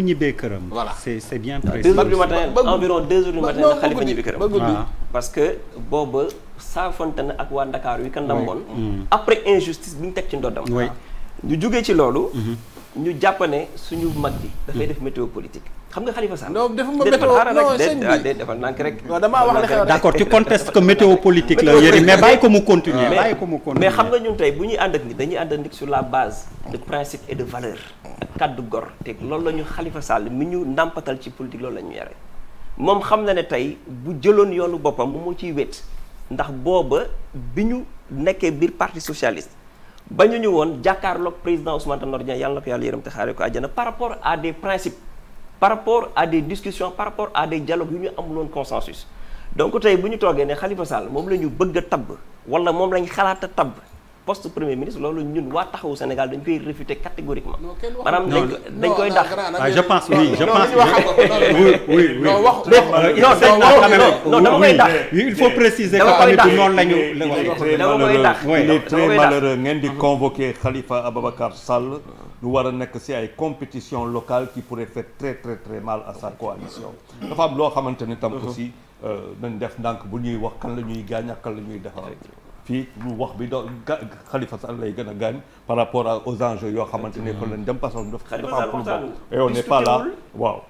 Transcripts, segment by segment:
bu ñibbee këram. voilà c' est c' est bien précis. ba environ deux heures du matin la Khalifa ñibbi këram. parce que booba saafonte na ak waa Ndakaar wi kan la moon mm. après injustice bi ñu teg ci ndoddam. ñu jógee ci loolu. Mm-hmm. ñu jàpp ne suñu mag bi. dafay def météo politique. xam nga Khalifa Sall. non defuma météo non sëñ bi ah, defal nànk rek. non damaa wax ne d'accord tu contestes que météo politique la yëri mais bàyyi ko mu continuer bàyyi ko mu continuer mais xam nga ñun tey bu ñuy ànd ak nit dañuy ànd ak nit sur la base de principe et de valeur. ak kàddu gor te loolu la ñu Khalifa Sall mi ñu ndàmpatal ci politique loolu la ñu yare moom xam na ne tey bu jëloon yoonu boppam moo ciy wét ndax booba bi ñu nekkee biir parti socialiste. ba ñu ñu woon jàkkaarloog président Ousmane Tanor Dieng yàlla na ko yàlla yërëm te xaaree ko àjjana par rapport à des principes par rapport à des discussions par rapport à des dialogues yu ñu amuloon consensus donc tey bu ñu toogee ne Khalifa Sall moom la ñu bëgg a tabb wala moom la ñu xalaat a tabb poste premier ministre loolu ñun waa taxawu Sénégal dañ koy réfuter catégoriquement. maanaam dañ koy dañ koy dax. je pense oui wax non dama koy dax. il faut préciser que tamit noonu la ñu. dama koy dax très malheureux ngeen di convoquer Khalifa Ababacar Sall. lu war a nekk si ay compétition locale qui pourrait faire très très mal à sa coalition. dafa am loo xamante ni tam mhm. aussi. Euh, nañ def ndànk bu ñuy wax kan la ñuy gaañ ak la ñuy defar. fii lu wax bi do Khalifa Sall lay gën a gaañ par rapport à aux enjeux yoo xamante ne fa lañ dem parce que dafa dafa am pour et on n'est pas là waaw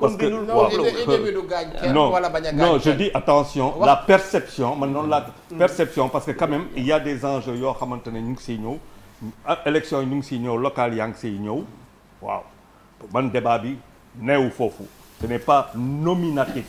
parce la perception man noonu la mm. perception parce que quand même des enjeux yoo xamante ne ñu ngi siy ñëw ah, ñu ngi siy ñëw locales yaa ngi siy ñëw waaw man débat bi neewu foofu ce n'est pas nominatif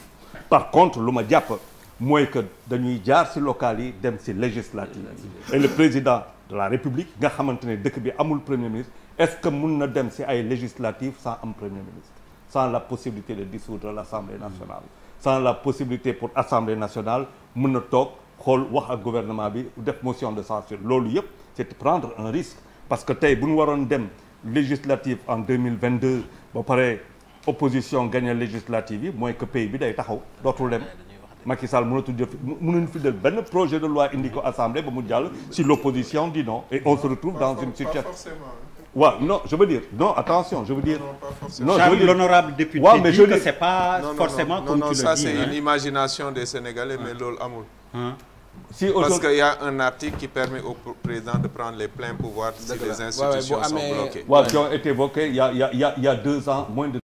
par contre lu ma jàpp mooy que dañuy jaar si local yi dem ci législative et le président de la république nga xamante ne dëkk bi amul premier ministre est-ce que mun na dem si ay législative sans am premier ministre sans la possibilité de dissoudre l'Assemblée nationale sans la possibilité pour Assemblée nationale mun na toog xool wax ak gouvernement bi def motion de censure loolu yëpp c'est prendre un risque parce que tey bu ñu waroon dem législative en 2022 ba pare opposition gagné législative yi mooy que bi day taxaw dootul dem Macky Sall mënatul jëf mënuñ fi def benn de loi indi ko assemblée ba mu jàll si l'opposition dit non et on se retrouve dans une situation non attention je veux dire. l'honorable député dit que c'est pas forcément comme tu le dis non mais loolu parce que y a un article qui permet au président de prendre les pleins pouvoirs si les institutions sont ah, bloquées. waaw qui ont été il y a il a a deux ans